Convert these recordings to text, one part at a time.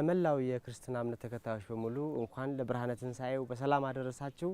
ለመላው የክርስትና እምነት ተከታዮች በሙሉ እንኳን ለብርሃነ ትንሣኤው በሰላም አደረሳችሁ።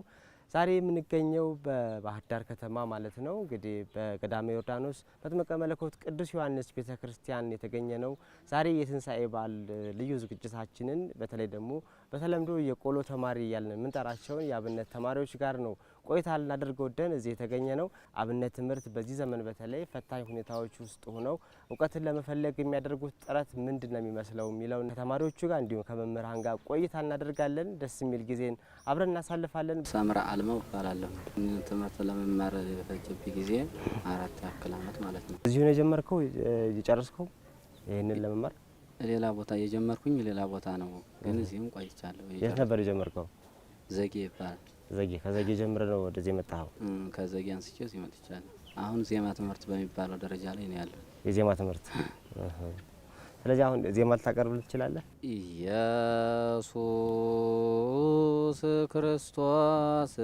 ዛሬ የምንገኘው በባህር ዳር ከተማ ማለት ነው እንግዲህ በገዳመ ዮርዳኖስ መጥምቀ መለኮት ቅዱስ ዮሐንስ ቤተ ክርስቲያን የተገኘ ነው። ዛሬ የትንሣኤ በዓል ልዩ ዝግጅታችንን በተለይ ደግሞ በተለምዶ የቆሎ ተማሪ እያልን የምንጠራቸውን የአብነት ተማሪዎች ጋር ነው ቆይታ ልናደርግ ወደን እዚህ የተገኘ ነው። አብነት ትምህርት በዚህ ዘመን በተለይ ፈታኝ ሁኔታዎች ውስጥ ሆነው እውቀትን ለመፈለግ የሚያደርጉት ጥረት ምንድን ነው የሚመስለው የሚለው ከተማሪዎቹ ጋር እንዲሁም ከመምህራን ጋር ቆይታ እናደርጋለን። ደስ የሚል ጊዜን አብረን እናሳልፋለን። ሰምራ አልመው እባላለሁ። ትምህርት ለመማር የፈጀብኝ ጊዜ አራት ያክል አመት ማለት ነው። እዚሁ ነው የጀመርከው የጨረስከው ይህንን ለመማር? ሌላ ቦታ የጀመርኩኝ ሌላ ቦታ ነው፣ ግን እዚህም ቆይቻለሁ። የት ነበር የጀመርከው? ዘጌ ይባላል ዘጌ ከዘጌ ጀምረ ነው ወደዚህ የመጣኸው? ከዘጌ አንስቼ እዚህ መጥቻለሁ። አሁን ዜማ ትምህርት በሚባለው ደረጃ ላይ ነው ያለው የዜማ ትምህርት። ስለዚህ አሁን ዜማ ልታቀርብ ትችላለህ። ኢየሱስ ክርስቶስ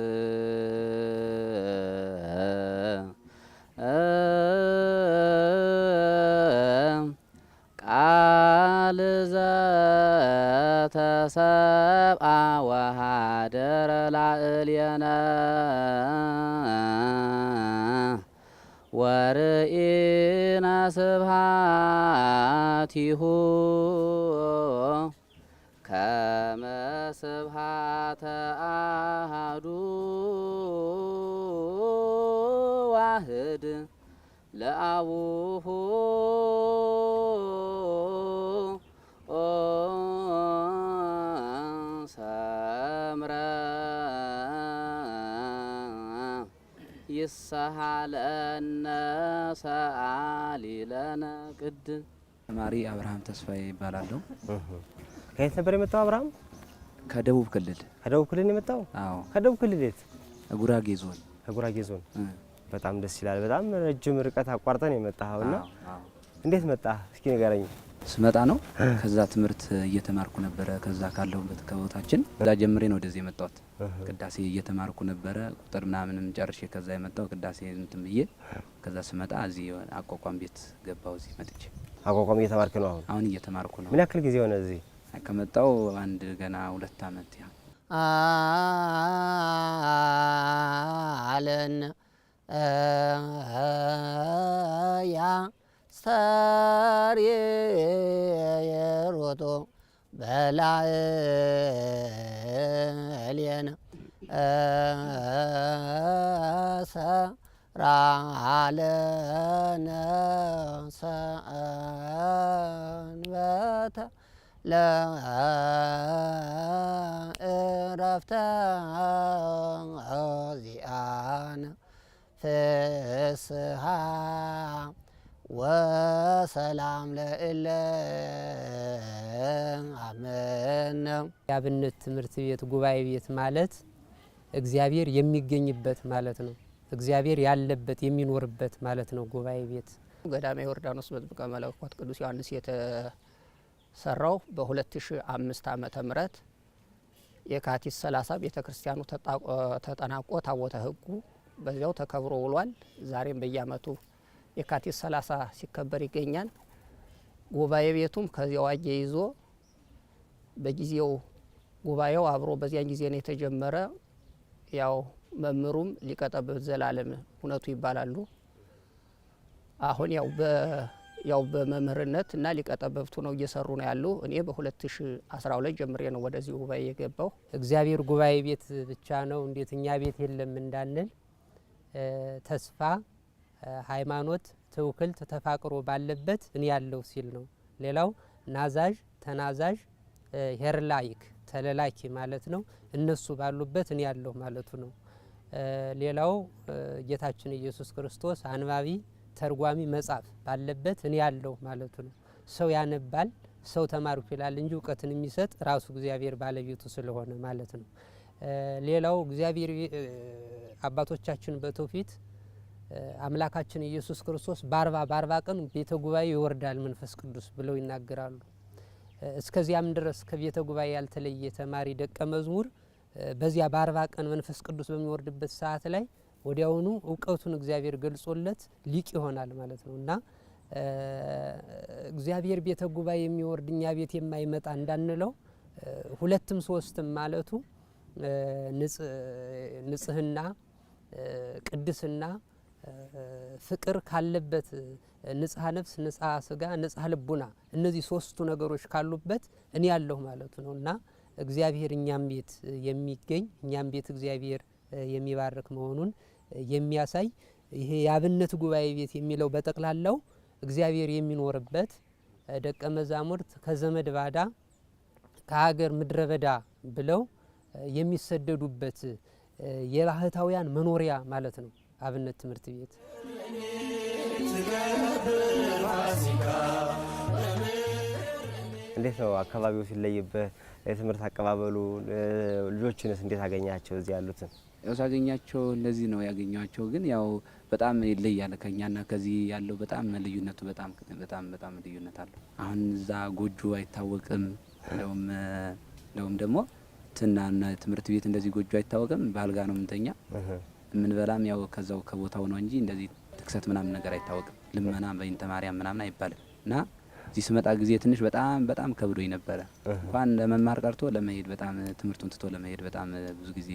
ቃል ዘ ሰብአ ወሃደረ ላእልየነ ወርኢነ ስብሃቲሁ ከመ ስብሃተ አሐዱ ዋህድ ለአቡሁ ይሰሃለነ ሰአሊ ለነ ተማሪ አብርሃም ተስፋዬ ይባላለሁ። ከየት ነበር የመጣው አብርሃም? ከደቡብ ክልል። ከደቡብ ክልል የመጣው? አዎ። ከደቡብ ክልል የት? ጉራጌ ዞን። ጉራጌ ዞን። በጣም ደስ ይላል። በጣም ረጅም ርቀት አቋርጠን የመጣኸውና እንዴት መጣህ? እስኪ ንገረኝ። ስመጣ ነው። ከዛ ትምህርት እየተማርኩ ነበረ። ከዛ ካለሁበት ከቦታችን ዛ ጀምሬ ነው ወደዚህ የመጣሁት። ቅዳሴ እየተማርኩ ነበረ። ቁጥር ምናምንም ጨርሼ ከዛ የመጣው ቅዳሴ እንትን ብዬ ከዛ ስመጣ እዚህ አቋቋም ቤት ገባው። እዚህ መጥቼ አቋቋም እየተማርክ ነው? አሁን አሁን እየተማርኩ ነው። ምን ያክል ጊዜ ሆነ እዚህ ከመጣው? አንድ ገና ሁለት አመት ያ አለን ያ አስተርየሮቶ በላዕሌነ ሰራ ለነ ሰንበተ ለእረፍተ ዚአነ ፍስሃ ወሰላም ለእለ አመነ። የአብነት ትምህርት ቤት ጉባኤ ቤት ማለት እግዚአብሔር የሚገኝበት ማለት ነው። እግዚአብሔር ያለበት የሚኖርበት ማለት ነው። ጉባኤ ቤት ገዳመ ዮርዳኖስ መጥምቀ መለኮት ቅዱስ ዮሐንስ የተሰራው በ2005 ዓመተ ምህረት የካቲት 30 ቤተ ክርስቲያኑ ተጠናቆ ታቦተ ሕጉ በዚያው ተከብሮ ውሏል። ዛሬም በየአመቱ የካቲት 30 ሲከበር ይገኛል። ጉባኤ ቤቱም ከዚያው ይዞ በጊዜው ጉባኤው አብሮ በዚያን ጊዜ ነው የተጀመረ። ያው መምህሩም ሊቀጠበብ ዘላለም እውነቱ ይባላሉ። አሁን ያው በ ያው በመምህርነት እና ሊቀጠበብቱ ነው እየሰሩ ነው ያሉ። እኔ በ2012 ጀምሬ ነው ወደዚህ ጉባኤ የገባው። እግዚአብሔር ጉባኤ ቤት ብቻ ነው እንዴት እኛ ቤት የለም እንዳንል ተስፋ ሃይማኖት ትውክልት ተፋቅሮ ባለበት እኔ ያለው ሲል ነው። ሌላው ናዛዥ ተናዛዥ ሄርላይክ ተለላኪ ማለት ነው። እነሱ ባሉበት እኔ ያለው ማለቱ ነው። ሌላው ጌታችን ኢየሱስ ክርስቶስ አንባቢ ተርጓሚ መጻፍ ባለበት እኔ ያለው ማለቱ ነው። ሰው ያነባል፣ ሰው ተማርኩ ይላል እንጂ እውቀትን የሚሰጥ ራሱ እግዚአብሔር ባለቤቱ ስለሆነ ማለት ነው። ሌላው እግዚአብሔር አባቶቻችን በትውፊት አምላካችን ኢየሱስ ክርስቶስ በአርባ በአርባ ቀን ቤተ ጉባኤ ይወርዳል መንፈስ ቅዱስ ብለው ይናገራሉ። እስከዚያም ድረስ ከቤተ ጉባኤ ያልተለየ ተማሪ ደቀ መዝሙር በዚያ በአርባ ቀን መንፈስ ቅዱስ በሚወርድበት ሰዓት ላይ ወዲያውኑ እውቀቱን እግዚአብሔር ገልጾለት ሊቅ ይሆናል ማለት ነው እና እግዚአብሔር ቤተ ጉባኤ የሚወርድ እኛ ቤት የማይመጣ እንዳንለው ሁለትም ሶስትም ማለቱ ንጽህና፣ ቅድስና ፍቅር ካለበት ንጽሐ ነፍስ፣ ንጽሐ ስጋ፣ ንጽሐ ልቡና እነዚህ ሶስቱ ነገሮች ካሉበት እኔ ያለሁ ማለት ነው እና እግዚአብሔር እኛም ቤት የሚገኝ እኛም ቤት እግዚአብሔር የሚባርክ መሆኑን የሚያሳይ ይሄ የአብነት ጉባኤ ቤት የሚለው በጠቅላላው እግዚአብሔር የሚኖርበት ደቀ መዛሙርት ከዘመድ ባዳ ከሀገር ምድረ በዳ ብለው የሚሰደዱበት የባህታውያን መኖሪያ ማለት ነው። አብነት ትምህርት ቤት እንዴት ነው አካባቢው ሲለይበት የትምህርት አቀባበሉ ልጆችንስ እንዴት አገኛቸው እዚህ ያሉትን ያው ሳገኛቸው እንደዚህ ነው ያገኘኋቸው ግን ያው በጣም ይለያል ከኛና ከዚህ ያለው በጣም ልዩነቱ በጣም በጣም በጣም ልዩነት አለው አሁን እዛ ጎጆ አይታወቅም እንደውም እንደውም ደግሞ ትናና ትምህርት ቤት እንደዚህ ጎጆ አይታወቅም ባልጋ ነው ምንተኛ የምንበላም ያው ከዛው ከቦታው ነው እንጂ እንደዚህ ትክሰት ምናምን ነገር አይታወቅም። ልመና በይንተ ማርያም ምናምን አይባልም እና እዚህ ስመጣ ጊዜ ትንሽ በጣም በጣም ከብዶኝ ነበረ። እንኳን ለመማር ቀርቶ ለመሄድ በጣም ትምህርቱን ትቶ ለመሄድ በጣም ብዙ ጊዜ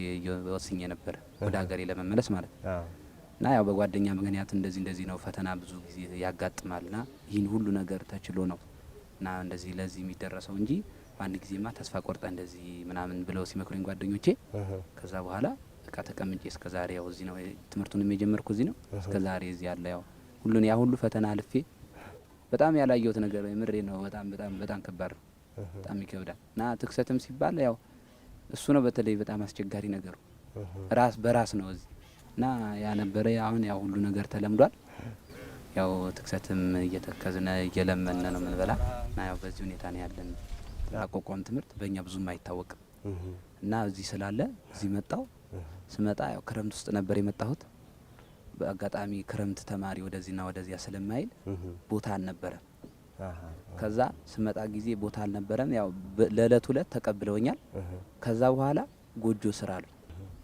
ወስኜ ነበረ ወደ ሀገሬ ለመመለስ ማለት ነው። እና ያው በጓደኛ ምክንያት እንደዚህ እንደዚህ ነው ፈተና ብዙ ጊዜ ያጋጥማል። ና ይህን ሁሉ ነገር ተችሎ ነው እና እንደዚህ ለዚህ የሚደረሰው እንጂ በአንድ ጊዜማ ተስፋ ቆርጠ እንደዚህ ምናምን ብለው ሲመክሩኝ ጓደኞቼ ከዛ በኋላ በቃ ተቀምጬ እስከ ዛሬ ያው እዚህ ነው ትምህርቱንም የጀመርኩ እዚህ ነው። እስከ ዛሬ እዚህ ያለ ያው ሁሉን ያ ሁሉ ፈተና አልፌ በጣም ያላየሁት ነገር ምሬ ነው። በጣም በጣም በጣም ከባድ ነው። በጣም ይከብዳል። እና ትክሰትም ሲባል ያው እሱ ነው በተለይ በጣም አስቸጋሪ ነገሩ ራስ በራስ ነው እዚህ እና ያ ነበረ። አሁን ያ ሁሉ ነገር ተለምዷል። ያው ትክሰትም እየተከዝነ እየለመነ ነው ምንበላ እና ያው በዚህ ሁኔታ ነው ያለን። አቋቋም ትምህርት በእኛ ብዙም አይታወቅም እና እዚህ ስላለ እዚህ መጣው ስመጣ ያው ክረምት ውስጥ ነበር የመጣሁት። በአጋጣሚ ክረምት ተማሪ ወደዚህና ወደዚያ ስለማይል ቦታ አልነበረም። ከዛ ስመጣ ጊዜ ቦታ አልነበረም። ያው ለእለት ሁለት ተቀብለውኛል። ከዛ በኋላ ጎጆ ስራ አሉኝ።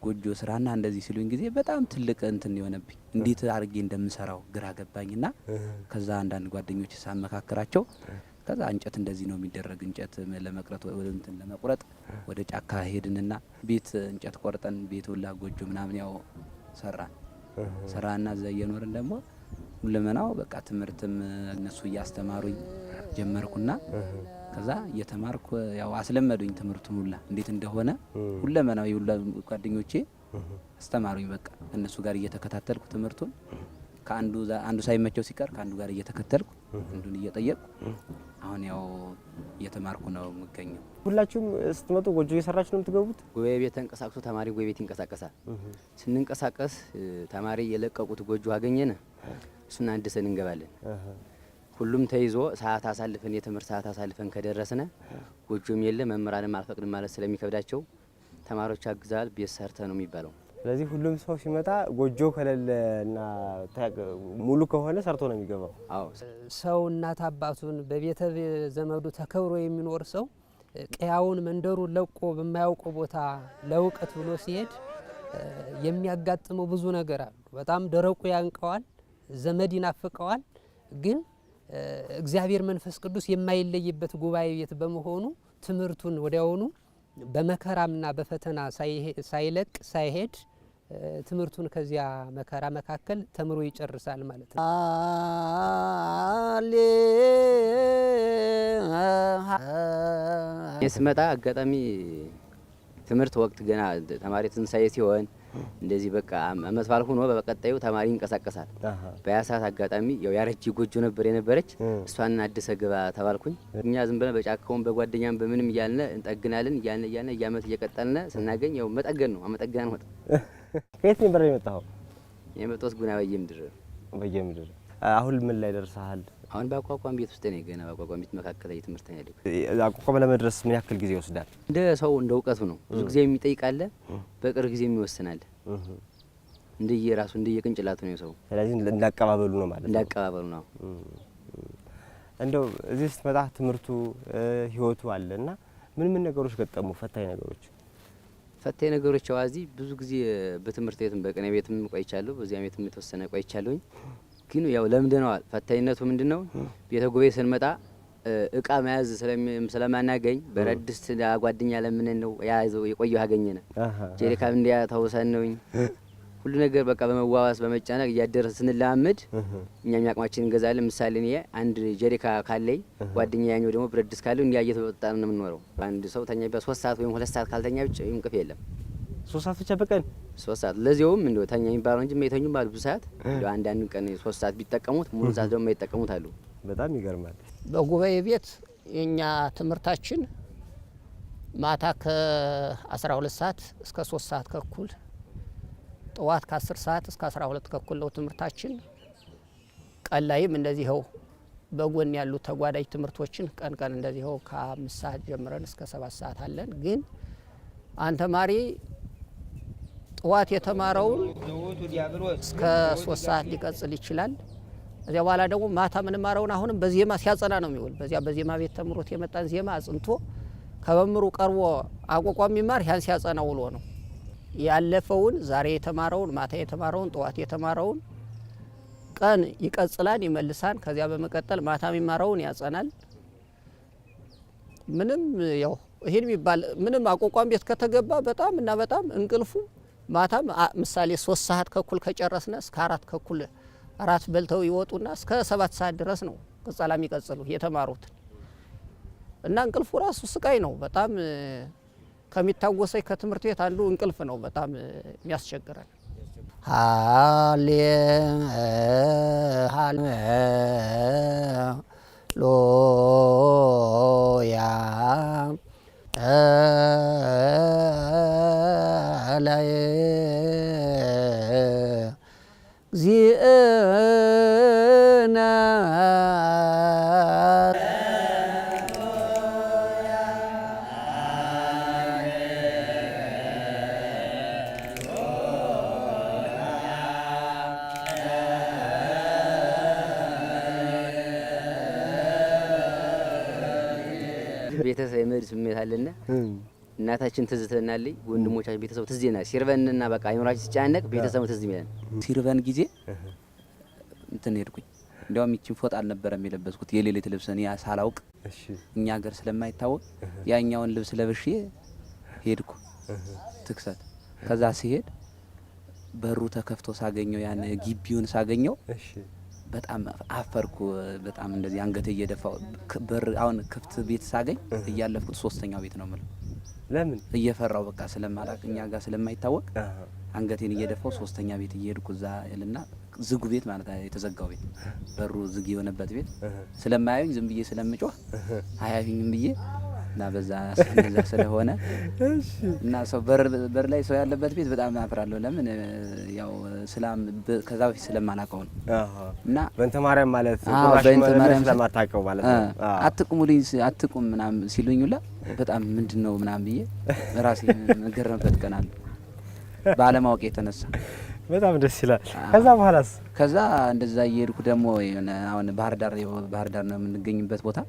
ጎጆ ስራና እንደዚህ ሲሉኝ ጊዜ በጣም ትልቅ እንትን የሆነብኝ እንዴት አድርጌ እንደምሰራው ግራ ገባኝና ከዛ አንዳንድ ጓደኞች ሳመካከራቸው ከዛ እንጨት እንደዚህ ነው የሚደረግ። እንጨት ለመቅረት እንትን ለመቁረጥ ወደ ጫካ ሄድንና ቤት እንጨት ቆርጠን ቤት ሁላ ጎጆ ምናምን ያው ሰራን ሰራና እዛ እየኖርን ደግሞ ሁለመናው በቃ ትምህርትም እነሱ እያስተማሩኝ ጀመርኩና ከዛ እየተማርኩ ያው አስለመዱኝ ትምህርቱን ሁላ እንዴት እንደሆነ ሁለመናው ሁላ ጓደኞቼ አስተማሩኝ። በቃ እነሱ ጋር እየተከታተልኩ ትምህርቱን ከአንዱ አንዱ ሳይመቸው ሲቀር ከአንዱ ጋር እየተከተልኩ አንዱን እየጠየቅኩ አሁን ያው እየተማርኩ ነው የምገኘው። ሁላችሁም ስትመጡ ጎጆ እየሰራች ነው የምትገቡት? ጉባኤ ቤት ተንቀሳቅሶ ተማሪ ጉባኤ ቤት ይንቀሳቀሳል። ስንንቀሳቀስ ተማሪ የለቀቁት ጎጆ አገኘን፣ እሱን አንድሰን እንገባለን። ሁሉም ተይዞ ሰዓት አሳልፈን የትምህርት ሰዓት አሳልፈን ከደረስነ ጎጆም የለ መምህራንም አልፈቅድም ማለት ስለሚከብዳቸው ተማሪዎች አግዛል ቤት ሰርተ ነው የሚባለው ስለዚህ ሁሉም ሰው ሲመጣ ጎጆ ና ሙሉ ከሆነ ሰርቶ ነው የሚገባው። አዎ ሰው እናት አባቱን በቤተ ዘመዱ ተከብሮ የሚኖር ሰው ቀያውን መንደሩን ለቆ በማያውቀው ቦታ ለእውቀት ብሎ ሲሄድ የሚያጋጥመው ብዙ ነገር አሉ። በጣም ደረቁ ያንቀዋል፣ ዘመድ ይናፍቀዋል። ግን እግዚአብሔር መንፈስ ቅዱስ የማይለይበት ጉባኤ ቤት በመሆኑ ትምህርቱን ወዲያውኑ በመከራምና በፈተና ሳይለቅ ሳይሄድ ትምህርቱን ከዚያ መከራ መካከል ተምሮ ይጨርሳል ማለት ነው። የስመጣ አጋጣሚ ትምህርት ወቅት ገና ተማሪ ትንሳኤ ሲሆን እንደዚህ በቃ አመት ባል ሆኖ በቀጣዩ ተማሪ ይንቀሳቀሳል። በያ ሰዓት አጋጣሚ ያው ያረጅ ጎጆ ነበር የነበረች እሷን አድሰ ግባ ተባልኩኝ። እኛ ዝም ብለን በጫካውን በጓደኛም በምንም እያልነ እንጠግናለን እያልነ እያልነ እያመት እየቀጠልነ ስናገኝ ያው መጠገን ነው አመጠገናን ወጣ ከየት ነበር የመጣኸው? የመጣሁት ጉና በየምድር በየምድር። አሁን ምን ላይ ደርሰሃል? አሁን በአቋቋም ቤት ውስጥ ነኝ። ገና በአቋቋም ቤት መካከል ትምህርት ነው ያለው። አቋቋም ለመድረስ ምን ያክል ጊዜ ይወስዳል? እንደ ሰው እንደ እውቀቱ ነው። ብዙ ጊዜ የሚጠይቃለ፣ አለ፣ በቅርብ ጊዜ የሚወስናል። እንደየ ራሱ እንደየ ቅንጭላቱ ነው ሰው። ስለዚህ እንዳቀባበሉ ነው ማለት እንዳቀባበሉ ነው። እንደው እዚህ ስትመጣ ትምህርቱ ህይወቱ አለ እና ምን ምን ነገሮች ገጠሙ? ፈታኝ ነገሮች ፈታኝ ነገሮች አዋዚ ብዙ ጊዜ በትምህርት ቤትም በቀን ቤትም ቆይቻለሁ፣ በዚያም ቤትም የተወሰነ ቆይቻለሁኝ። ግን ያው ለምደነዋል። ፈታኝነቱ ምንድን ነው? ቤተ ጉባኤ ስንመጣ እቃ መያዝ ስለማናገኝ በረድስት ጓደኛ ለምን ነው የያዘው የቆየው አገኘነ ጀሪካም እንዲያ ታውሰን ነውኝ ሁሉ ነገር በቃ በመዋዋስ በመጫነቅ እያደረ ስንላምድ እኛም ያቅማችን እንገዛለን። ምሳሌ እኔ አንድ ጀሪካ ካለኝ ጓደኛ ያኛው ደግሞ ብረት ድስት ካለው እንዲያ እየተበጣን ነው የምንኖረው። አንድ ሰው ተኛ ቢባል ሶስት ሰዓት ወይም ሁለት ሰዓት ካልተኛ ብቻ እንቅፍ የለም። ሶስት ሰዓት ብቻ በቀን ሶስት ሰዓት ለዚያውም እንደው ተኛ የሚባለው እንጂ የተኙ ባሉ ብዙ ሰዓት አንዳንድ ቀን ሶስት ሰዓት ቢጠቀሙት ሙሉ ሰዓት ደግሞ የማይጠቀሙት አሉ። በጣም ይገርማል። በጉባኤ ቤት የእኛ ትምህርታችን ማታ ከ አስራ ሁለት ሰዓት እስከ ሶስት ሰዓት ከኩል ጠዋት ከ10 ሰዓት እስከ 12 ተኩል ነው ትምህርታችን። ቀን ላይም እንደዚህው በጎን ያሉ ተጓዳጅ ትምህርቶችን ቀን ቀን እንደዚህው ከአምስት ሰዓት ጀምረን እስከ ሰባት ሰዓት አለን። ግን አንድ ተማሪ ጠዋት የተማረውን እስከ ሶስት ሰዓት ሊቀጽል ይችላል። እዚያ በኋላ ደግሞ ማታ ምንማረውን አሁንም በዜማ ሲያጸና ነው የሚውል። በዚያ በዜማ ቤት ተምሮት የመጣን ዜማ አጽንቶ ከመምሩ ቀርቦ አቋቋም የሚማር ያን ሲያጸና ውሎ ነው። ያለፈውን ዛሬ የተማረውን ማታ የተማረውን ጠዋት የተማረውን ቀን ይቀጽላል፣ ይመልሳል። ከዚያ በመቀጠል ማታ የሚማረውን ያጸናል። ምንም ያው ይህን የሚባል ምንም አቋቋም ቤት ከተገባ በጣም እና በጣም እንቅልፉ ማታም ምሳሌ ሶስት ሰዓት ከኩል ከጨረስነ እስከ አራት ከኩል አራት በልተው ይወጡና እስከ ሰባት ሰዓት ድረስ ነው ቅጸላ የሚቀጽሉ የተማሩትን እና እንቅልፉ ራሱ ስቃይ ነው በጣም ከሚታወሰኝ ከትምህርት ቤት አንዱ እንቅልፍ ነው። በጣም የሚያስቸግራል። ሀሌ ሎያ ላይ እግዚእነ ቤተሰብ ስሜት አለና እናታችን ትዝ ትለናለች፣ ወንድሞቻችን ቤተሰብ ትዝ ይለናል። ሲርበንና በቃ አይምራችን ሲጫነቅ ቤተሰቡ ትዝ ይለናል። ሲርበን ጊዜ እንትን ሄድኩኝ። እንዲያውም ይችን ፎጣ አልነበረም የለበስኩት የሌሊት ልብስን ያ ሳላውቅ እኛ ሀገር ስለማይታወቅ ያኛውን ልብስ ለብሼ ሄድኩ ትክሰት። ከዛ ሲሄድ በሩ ተከፍቶ ሳገኘው ያን ግቢውን ሳገኘው በጣም አፈርኩ። በጣም እንደዚህ አንገት እየደፋው በር አሁን ክፍት ቤት ሳገኝ እያለፍኩት ሶስተኛው ቤት ነው የምለው። ለምን እየፈራው በቃ ስለማላቅ እኛ ጋር ስለማይታወቅ አንገቴን እየደፋው ሶስተኛ ቤት እየሄድኩ እዛ ልና ዝጉ ቤት ማለት የተዘጋው ቤት በሩ ዝግ የሆነበት ቤት ስለማያዩኝ ዝም ብዬ ስለምጮህ አያዩኝም ብዬ እና በዛ ስለሆነ እና ሰው በር ላይ ሰው ያለበት ቤት በጣም አፍራለሁ። ለምን ያው ስላም ከዛ በፊት ስለማላውቀው ነው። እና በእንተ ማርያም ማለት በእንተ ማርያም ስለማታውቀው ማለት ነው። አትቁሙልኝ አትቁም ምናም ሲሉኝ በጣም ምንድን ነው ምናምን ብዬ ራሴ መገረምበት ቀናል በአለማወቅ የተነሳ በጣም ደስ ይላል። ከዛ በኋላስ? ከዛ እንደዛ እየሄድኩ ደግሞ አሁን ባህር ዳር ባህር ዳር ነው የምንገኝበት ቦታ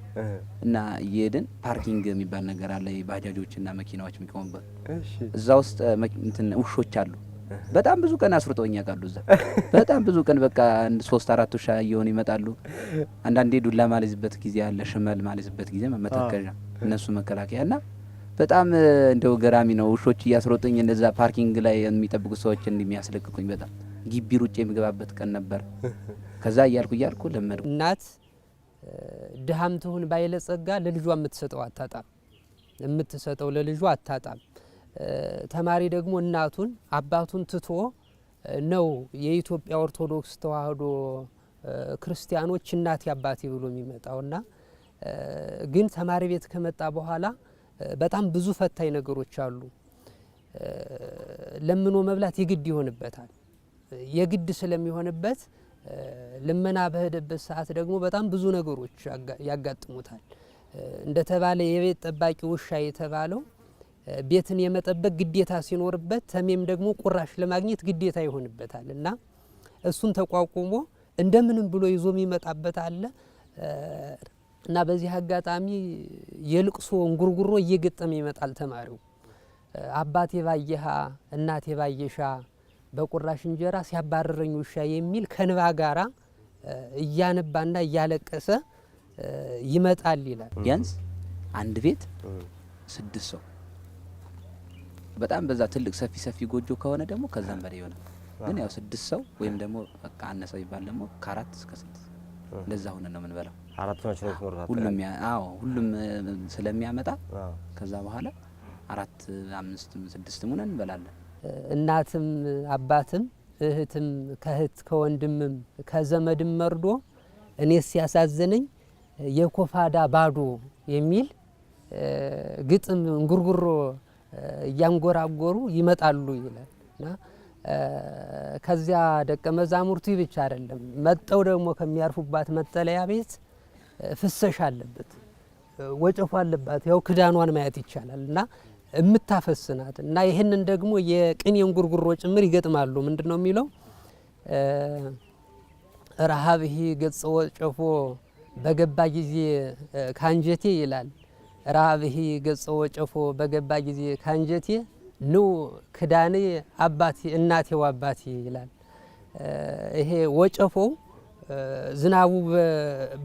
እና እየሄድን ፓርኪንግ የሚባል ነገር አለ፣ ባጃጆች እና መኪናዎች የሚቆሙበት እዛ ውስጥ ውሾች አሉ። በጣም ብዙ ቀን አስሩጠውኝ ያውቃሉ። እዛ በጣም ብዙ ቀን በቃ ሶስት አራት ውሻ እየሆኑ ይመጣሉ። አንዳንዴ ዱላ ማለዝበት ጊዜ አለ፣ ሽመል ማለዝበት ጊዜ መተከዣ፣ እነሱ መከላከያ እና በጣም እንደው ገራሚ ነው። ውሾች እያስሮጡኝ እንደዛ ፓርኪንግ ላይ የሚጠብቁ ሰዎች እንደሚያስለቅቁኝ በጣም ግቢ ሩጭ የሚገባበት ቀን ነበር። ከዛ እያልኩ እያልኩ ለመድ እናት ድሃም ትሁን ባይለጸጋ ለልጇ የምትሰጠው አታጣም፣ የምትሰጠው ለልጇ አታጣም። ተማሪ ደግሞ እናቱን አባቱን ትቶ ነው የኢትዮጵያ ኦርቶዶክስ ተዋህዶ ክርስቲያኖች እናቴ አባቴ ብሎ የሚመጣውና ግን ተማሪ ቤት ከመጣ በኋላ በጣም ብዙ ፈታኝ ነገሮች አሉ። ለምኖ መብላት የግድ ይሆንበታል። የግድ ስለሚሆንበት ልመና በሄደበት ሰዓት ደግሞ በጣም ብዙ ነገሮች ያጋጥሙታል። እንደተባለ የቤት ጠባቂ ውሻ የተባለው ቤትን የመጠበቅ ግዴታ ሲኖርበት ተሜም ደግሞ ቁራሽ ለማግኘት ግዴታ ይሆንበታል እና እሱን ተቋቁሞ እንደምንም ብሎ ይዞ የሚመጣበት አለ። እና በዚህ አጋጣሚ የልቅሶ እንጉርጉሮ እየገጠመ ይመጣል ተማሪው። አባቴ ባየሃ እናቴ ባየሻ በቁራሽ እንጀራ ሲያባረረኝ ውሻ የሚል ከንባ ጋራ እያነባና እያለቀሰ ይመጣል ይላል። ቢያንስ አንድ ቤት ስድስት ሰው በጣም በዛ ትልቅ ሰፊ ሰፊ ጎጆ ከሆነ ደግሞ ከዛም በላይ ይሆናል። ግን ያው ስድስት ሰው ወይም ደግሞ በቃ አነሰ ይባል ደግሞ ከአራት እስከ ስድስት እንደዛ ሆነ ነው የምንበላው። ሁሉም አዎ ሁሉም ስለሚያመጣ ከዛ በኋላ አራት አምስትም ስድስትም ሆነን እንበላለን። እናትም አባትም እህትም ከእህት ከወንድምም ከዘመድም መርዶ እኔ ሲያሳዝነኝ የኮፋዳ ባዶ የሚል ግጥም እንጉርጉሮ እያንጎራጎሩ ይመጣሉ ይላል እና ከዚያ ደቀ መዛሙርቱ ብቻ አይደለም መጠው ደግሞ ከሚያርፉባት መጠለያ ቤት ፍሰሽ አለበት፣ ወጨፎ አለባት። ያው ክዳኗን ማየት ይቻላል እና የምታፈስናት እና ይህንን ደግሞ የቅኔን ጉርጉሮ ጭምር ይገጥማሉ። ምንድን ነው የሚለው ይሄ ገጽ ወጨፎ በገባ ጊዜ ካንጀቴ ይላል። ረሃብ ይሄ ገጽ ወጨፎ በገባ ጊዜ ካንጀቴ ኑ ክዳኒ አባቴ እናቴው አባቴ ይላል። ይሄ ወጨፎ ዝናቡ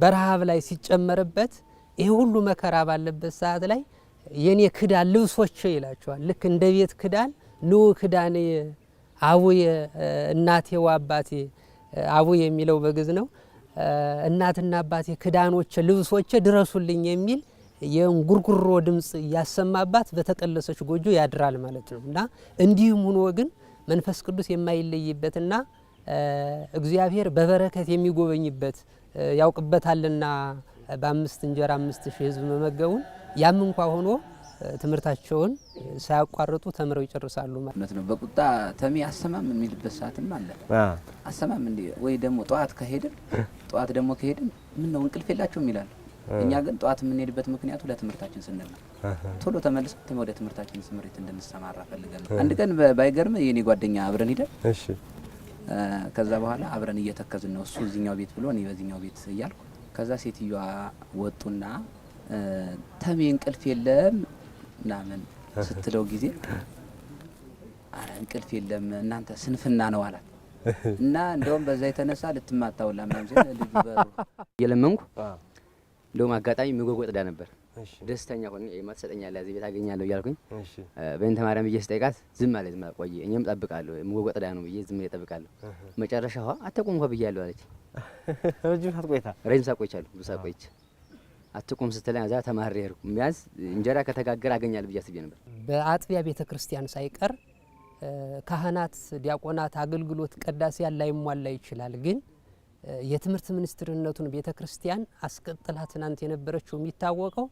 በረሃብ ላይ ሲጨመርበት ይሄ ሁሉ መከራ ባለበት ሰዓት ላይ የኔ ክዳን ልብሶች ይላቸዋል። ልክ እንደ ቤት ክዳን ኑ ክዳኔ አቡየ እናቴው አባቴ አቡ የሚለው በግዝ ነው። እናትና አባቴ ክዳኖች ልብሶች ድረሱልኝ የሚል የእንጉርጉሮ ድምፅ ያሰማባት በተቀለሰች ጎጆ ያድራል ማለት ነው እና እንዲህም ሆኖ ግን መንፈስ ቅዱስ የማይለይበትና እግዚአብሔር በበረከት የሚጎበኝበት ያውቅበታልና በአምስት እንጀራ አምስት ሺህ ህዝብ መመገቡን ያም እንኳ ሆኖ ትምህርታቸውን ሳያቋርጡ ተምረው ይጨርሳሉ ማለት ነው። በቁጣ ተሜ አሰማም የሚልበት ሰዓትም አለ። አሰማም እንዲ ወይ ደግሞ ጠዋት ከሄድን ጠዋት ደግሞ ከሄድን ምን ነው እንቅልፍ የላቸውም ይላል። እኛ ግን ጠዋት የምንሄድበት ምክንያቱ ለትምህርታችን ስንል ነው። ቶሎ ተመልሰን ወደ ትምህርታችን ስምሪት እንድንሰማራ ፈልገን ነው። አንድ ቀን ባይገርም የኔ ጓደኛ አብረን ሂደን ከዛ በኋላ አብረን እየተከዝን ነው እሱ እዚኛው ቤት ብሎ እኔ በዚኛው ቤት እያልኩ ከዛ ሴትዮዋ ወጡና ተሜ እንቅልፍ የለም ምናምን ስትለው ጊዜ አረ እንቅልፍ የለም እናንተ ስንፍና ነው አላት። እና እንደውም በዛ የተነሳ ልትማታውላ ምናምን የለመንኩ እንደውም አጋጣሚ ምጎጎ ጥዳ ነበር። ደስተኛ ሆኜ የማትሰጠኛለህ እዚህ ቤት አገኛለሁ እያልኩኝ በእንተ ማርያም ብዬ ስጠይቃት ዝም አለ። ዝም ቆይ እኔም ጠብቃለሁ ምጎጎ ጥዳ ነው ብዬ ዝም እጠብቃለሁ። መጨረሻ ኋ አትቁም ኳ ብያለሁ አለች። ረጅም ሰዓት ቆይታ ረጅም ሰዓት ቆይቻለሁ። ብዙ ሰዓት ቆይቼ አትቁም ስትለኝ እዛ ተማሪ ሄድኩ። ቢያንስ እንጀራ ከተጋገረ አገኛለሁ ብዬ አስቤ ነበር። በአጥቢያ ቤተ ክርስቲያን ሳይቀር ካህናት፣ ዲያቆናት አገልግሎት ቅዳሴ ያላይሟላ ይችላል ግን የትምህርት ሚኒስትርነቱን ቤተ ክርስቲያን አስቀጥላ ትናንት የነበረችው የሚታወቀው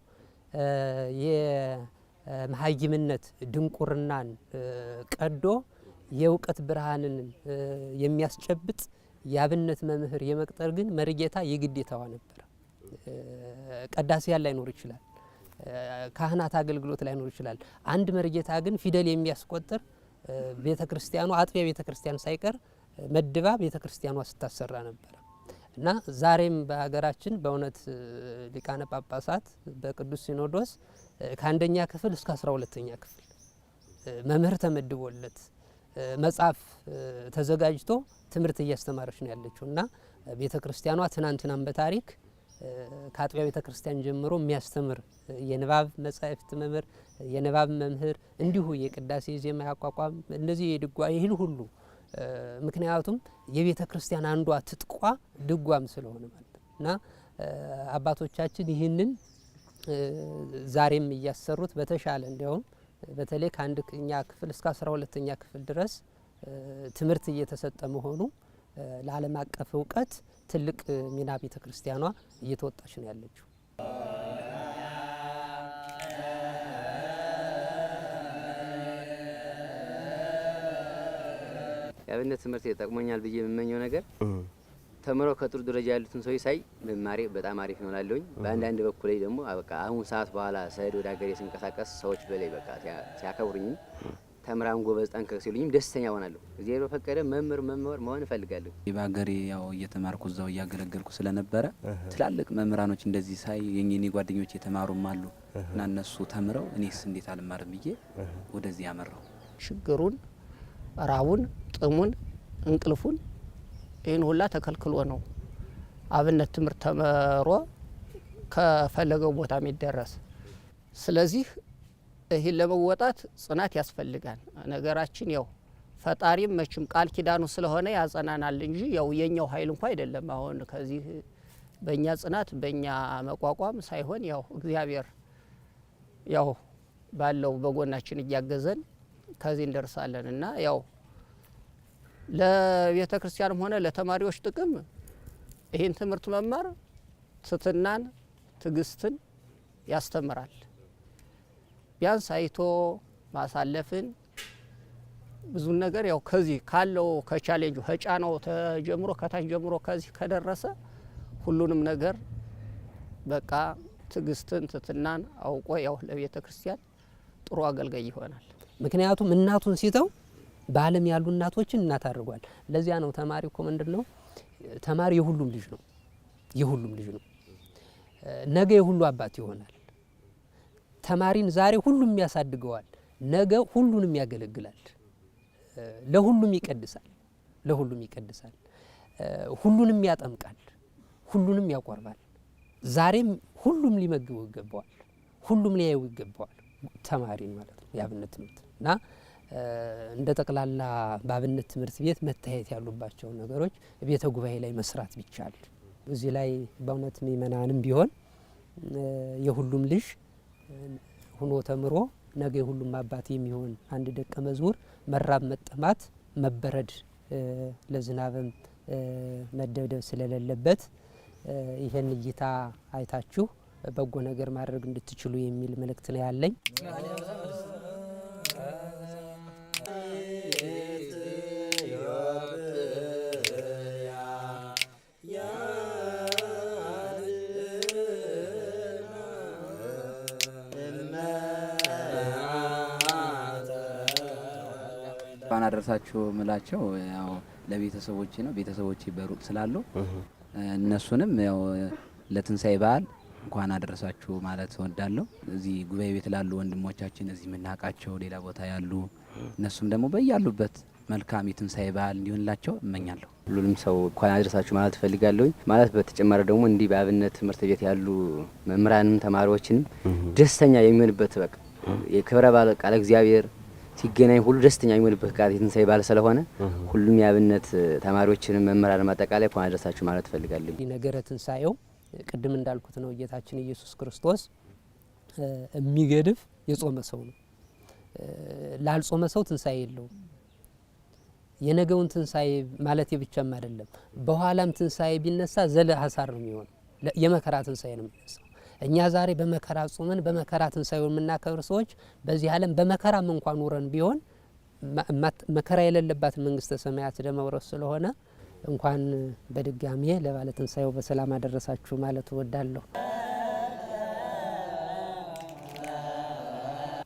የመሀይምነት ድንቁርናን ቀዶ የእውቀት ብርሃንን የሚያስጨብጥ የአብነት መምህር የመቅጠር ግን መርጌታ የግዴታዋ ነበር። ቀዳሴያን ላይኖር ይችላል፣ ካህናት አገልግሎት ላይኖር ይችላል። አንድ መርጌታ ግን ፊደል የሚያስቆጥር ቤተ ክርስቲያኑ አጥቢያ ቤተ ክርስቲያን ሳይቀር መድባ ቤተ ክርስቲያኗ ስታሰራ ነበረ እና ዛሬም በሀገራችን በእውነት ሊቃነ ጳጳሳት በቅዱስ ሲኖዶስ ከአንደኛ ክፍል እስከ አስራ ሁለተኛ ክፍል መምህር ተመድቦለት መጽሐፍ ተዘጋጅቶ ትምህርት እያስተማረች ነው ያለችው እና ቤተ ክርስቲያኗ ትናንትናም በታሪክ ከአጥቢያ ቤተ ክርስቲያን ጀምሮ የሚያስተምር የንባብ መጻሕፍት መምህር፣ የንባብ መምህር እንዲሁ የቅዳሴ ዜማ ያቋቋም እነዚህ የድጓ ይህን ሁሉ ምክንያቱም የቤተ ክርስቲያን አንዷ ትጥቋ ድጓም ስለሆነ ማለት ነው እና አባቶቻችን ይህንን ዛሬም እያሰሩት በተሻለ እንዲያውም በተለይ ከአንደኛ ክፍል እስከ አስራ ሁለተኛ ክፍል ድረስ ትምህርት እየተሰጠ መሆኑ ለዓለም አቀፍ እውቀት ትልቅ ሚና ቤተ ክርስቲያኗ እየተወጣች ነው ያለችው። የአብነት ትምህርት ጠቅሞኛል ብዬ የምመኘው ነገር ተምሮ ከጥሩ ደረጃ ያሉትን ሰው ሳይ መማሬ በጣም አሪፍ ነው ላለሁኝ። በአንዳንድ በኩል ላይ ደግሞ በቃ አሁን ሰዓት በኋላ ሰሄድ ወደ ሀገሬ ስንቀሳቀስ ሰዎች በላይ በቃ ሲያከብሩኝም ተምራም ጎበዝ ጠንከር ሲሉኝም ደስተኛ ሆናለሁ። እግዚአብሔር በፈቀደ መምህር መምህር መሆን እፈልጋለሁ። በሀገሬ ያው እየተማርኩ እዛው እያገለገልኩ ስለነበረ ትላልቅ መምህራኖች እንደዚህ ሳይ የኔ ጓደኞች የተማሩም አሉ እና እነሱ ተምረው እኔስ እንዴት አልማርም ብዬ ወደዚህ ያመራው ችግሩን ራቡን፣ ጥሙን፣ እንቅልፉን ይህን ሁላ ተከልክሎ ነው አብነት ትምህርት ተመሮ ከፈለገው ቦታ የሚደረስ። ስለዚህ ይህን ለመወጣት ጽናት ያስፈልጋል። ነገራችን ያው ፈጣሪም መቼም ቃል ኪዳኑ ስለሆነ ያጸናናል እንጂ ያው የኛው ኃይል እንኳ አይደለም። አሁን ከዚህ በእኛ ጽናት በእኛ መቋቋም ሳይሆን ያው እግዚአብሔር ያው ባለው በጎናችን እያገዘን ከዚህ እንደርሳለን እና ያው ለቤተ ክርስቲያንም ሆነ ለተማሪዎች ጥቅም ይህን ትምህርት መማር ትትናን፣ ትግስትን ያስተምራል። ቢያንስ አይቶ ማሳለፍን ብዙን ነገር ያው ከዚህ ካለው ከቻሌንጁ ከጫናው ተጀምሮ ከታች ጀምሮ ከዚህ ከደረሰ ሁሉንም ነገር በቃ ትግስትን ትትናን አውቆ ያው ለቤተ ክርስቲያን ጥሩ አገልጋይ ይሆናል። ምክንያቱም እናቱን ሲተው በዓለም ያሉ እናቶችን እናት አድርጓል። ለዚያ ነው ተማሪ እኮ ምንድን ነው ተማሪ የሁሉም ልጅ ነው፣ የሁሉም ልጅ ነው። ነገ የሁሉ አባት ይሆናል። ተማሪን ዛሬ ሁሉም ያሳድገዋል፣ ነገ ሁሉንም ያገለግላል፣ ለሁሉም ይቀድሳል፣ ለሁሉም ይቀድሳል፣ ሁሉንም ያጠምቃል፣ ሁሉንም ያቆርባል። ዛሬም ሁሉም ሊመግበው ይገባዋል፣ ሁሉም ሊያየው ይገባዋል። ተማሪን ማለት ነው የአብነት ትምህርት እና እንደ ጠቅላላ በአብነት ትምህርት ቤት መታየት ያሉባቸው ነገሮች ቤተ ጉባኤ ላይ መስራት ቢቻል እዚህ ላይ በእውነት ምእመናንም ቢሆን የሁሉም ልጅ ሁኖ ተምሮ ነገ የሁሉም አባት የሚሆን አንድ ደቀ መዝሙር መራብ፣ መጠማት፣ መበረድ ለዝናብም መደብደብ ስለሌለበት ይህን እይታ አይታችሁ በጎ ነገር ማድረግ እንድትችሉ የሚል መልእክት ነው ያለኝ። አደረሳችሁ ምላቸው ያው ለቤተሰቦቼ ነው። ቤተሰቦቼ በሩቅ ስላሉ እነሱንም ያው ለትንሳኤ በዓል እንኳን አደረሳችሁ ማለት እወዳለሁ። እዚህ ጉባኤ ቤት ላሉ ወንድሞቻችን እዚህ የምናውቃቸው ሌላ ቦታ ያሉ እነሱም ደግሞ በያሉበት መልካም የትንሳኤ በዓል እንዲሆንላቸው እመኛለሁ። ሁሉንም ሰው እንኳን አድረሳችሁ ማለት እፈልጋለሁኝ። ማለት በተጨማሪ ደግሞ እንዲህ በአብነት ትምህርት ቤት ያሉ መምህራንም ተማሪዎችንም ደስተኛ የሚሆንበት በቃ የክብረ በዓል ቃለ እግዚአብሔር ሲገናኝ ሁሉ ደስተኛ የሚሆንበት ቃል የትንሳኤ በዓል ስለሆነ ሁሉም የአብነት ተማሪዎችንም መምህራንም አጠቃላይ እንኳን አደረሳችሁ ማለት እፈልጋለሁ። ነገረ ትንሳኤው ቅድም እንዳልኩት ነው። ጌታችን ኢየሱስ ክርስቶስ የሚገድፍ የጾመ ሰው ነው። ላልጾመ ሰው ትንሳኤ የለውም። የነገውን ትንሳኤ ማለት ብቻም አይደለም፣ በኋላም ትንሳኤ ቢነሳ ዘለ ሀሳር ነው የሚሆነው። የመከራ ትንሳኤ ነው የሚነሳ እኛ ዛሬ በመከራ ጾምን በመከራ ትንሳኤውን የምናከብር ሰዎች በዚህ ዓለም በመከራም እንኳን ኑረን ቢሆን መከራ የሌለባት መንግስተ ሰማያት ለመውረስ ስለሆነ እንኳን በድጋሜ ለባለ ትንሳኤው በሰላም አደረሳችሁ ማለት እወዳለሁ።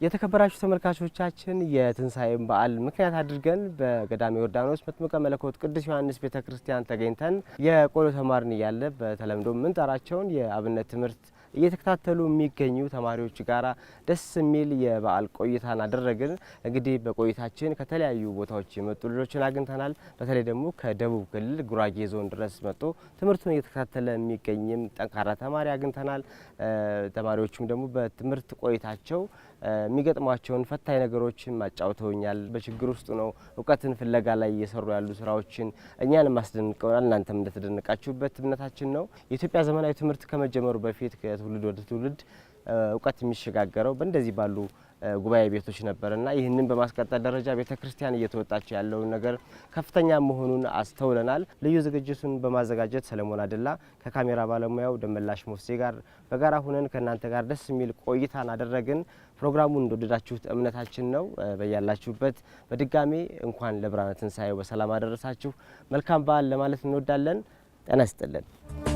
የተከበራችሁ ተመልካቾቻችን የትንሣኤን በዓል ምክንያት አድርገን በገዳመ ዮርዳኖስ መጥምቀ መለኮት ቅዱስ ዮሐንስ ቤተ ክርስቲያን ተገኝተን የቆሎ ተማርን እያለ በተለምዶ የምንጠራቸውን የአብነት ትምህርት እየተከታተሉ የሚገኙ ተማሪዎች ጋራ ደስ የሚል የበዓል ቆይታን አደረግን። እንግዲህ በቆይታችን ከተለያዩ ቦታዎች የመጡ ልጆችን አግኝተናል። በተለይ ደግሞ ከደቡብ ክልል ጉራጌ ዞን ድረስ መጡ ትምህርቱን እየተከታተለ የሚገኝም ጠንካራ ተማሪ አግኝተናል። ተማሪዎቹም ደግሞ በትምህርት ቆይታቸው የሚገጥሟቸውን ፈታኝ ነገሮችን ማጫውተውኛል። በችግር ውስጥ ነው እውቀትን ፍለጋ ላይ እየሰሩ ያሉ ስራዎችን እኛን ማስደንቀውናል። እናንተም እንደተደነቃችሁበት እምነታችን ነው። የኢትዮጵያ ዘመናዊ ትምህርት ከመጀመሩ በፊት ከትውልድ ወደ ትውልድ እውቀት የሚሸጋገረው በእንደዚህ ባሉ ጉባኤ ቤቶች ነበር ይህንን በማስቀጠል ደረጃ ቤተ ክርስቲያን እየተወጣቸው ያለውን ነገር ከፍተኛ መሆኑን አስተውለናል። ልዩ ዝግጅቱን በማዘጋጀት ሰለሞን አድላ ከካሜራ ባለሙያው ደመላሽ ሞሴ ጋር በጋራ ሁነን ከእናንተ ጋር ደስ የሚል ቆይታን አደረግን። ፕሮግራሙን እንደወደዳችሁት እምነታችን ነው። በያላችሁበት በድጋሜ እንኳን ለብርሃነ ትንሣኤው በሰላም አደረሳችሁ። መልካም በዓል ለማለት እንወዳለን። ጤና ይስጥልን።